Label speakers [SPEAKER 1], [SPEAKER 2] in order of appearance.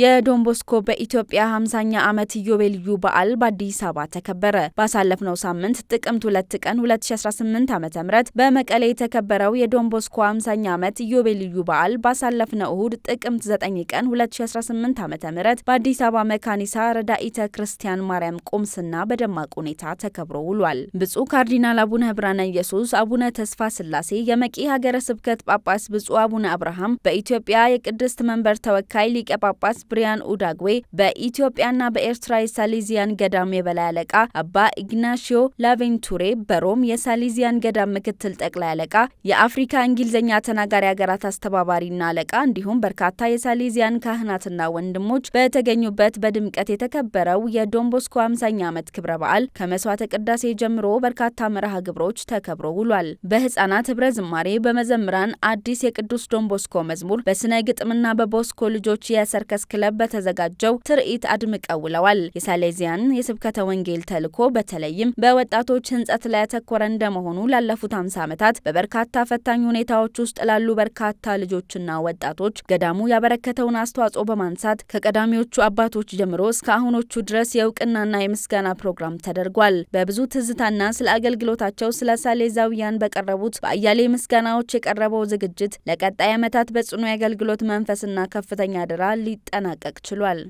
[SPEAKER 1] የዶንቦስኮ በኢትዮጵያ 50ኛ ዓመት ኢዮቤልዩ በዓል በአዲስ አበባ ተከበረ። ባሳለፍነው ሳምንት ጥቅምት 2 ቀን 2018 ዓ ም በመቀለ የተከበረው የዶንቦስኮ 50ኛ ዓመት ኢዮቤልዩ በዓል ባሳለፍነው እሁድ ጥቅምት 9 ቀን 2018 ዓ ም በአዲስ አበባ መካኒሳ ረዳኢተ ክርስቲያን ማርያም ቁምስና በደማቅ ሁኔታ ተከብሮ ውሏል። ብፁዕ ካርዲናል አቡነ ኅብራነ ኢየሱስ፣ አቡነ ተስፋ ስላሴ፣ የመቂ ሀገረ ስብከት ጳጳስ ብፁዕ አቡነ አብርሃም፣ በኢትዮጵያ የቅድስት መንበር ተወካይ ሊቀ ጳጳስ ብሪያን ኡዳግዌ በኢትዮጵያና በኤርትራ የሳሊዚያን ገዳም የበላይ አለቃ አባ ኢግናሽዮ ላቬንቱሬ በሮም የሳሊዚያን ገዳም ምክትል ጠቅላይ አለቃ የአፍሪካ እንግሊዝኛ ተናጋሪ ሀገራት አስተባባሪና አለቃ እንዲሁም በርካታ የሳሊዚያን ካህናትና ወንድሞች በተገኙበት በድምቀት የተከበረው የዶንቦስኮ 50 ዓመት ክብረ በዓል ከመስዋዕተ ቅዳሴ ጀምሮ በርካታ መርሃ ግብሮች ተከብሮ ውሏል። በህጻናት ህብረ ዝማሬ፣ በመዘምራን አዲስ የቅዱስ ዶንቦስኮ መዝሙር፣ በስነ ግጥምና በቦስኮ ልጆች የሰርከስ ክለብ በተዘጋጀው ትርኢት አድምቀው ውለዋል። የሳሌዚያን የስብከተ ወንጌል ተልዕኮ በተለይም በወጣቶች ህንጸት ላይ ያተኮረ እንደመሆኑ ላለፉት 50 ዓመታት በበርካታ ፈታኝ ሁኔታዎች ውስጥ ላሉ በርካታ ልጆችና ወጣቶች ገዳሙ ያበረከተውን አስተዋጽኦ በማንሳት ከቀዳሚዎቹ አባቶች ጀምሮ እስከ አሁኖቹ ድረስ የእውቅናና የምስጋና ፕሮግራም ተደርጓል። በብዙ ትዝታና ስለ አገልግሎታቸው ስለ ሳሌዛውያን በቀረቡት በአያሌ ምስጋናዎች የቀረበው ዝግጅት ለቀጣይ ዓመታት በጽኑ የአገልግሎት መንፈስና ከፍተኛ ድራ ሊጠ ሊያጠናቀቅ ችሏል።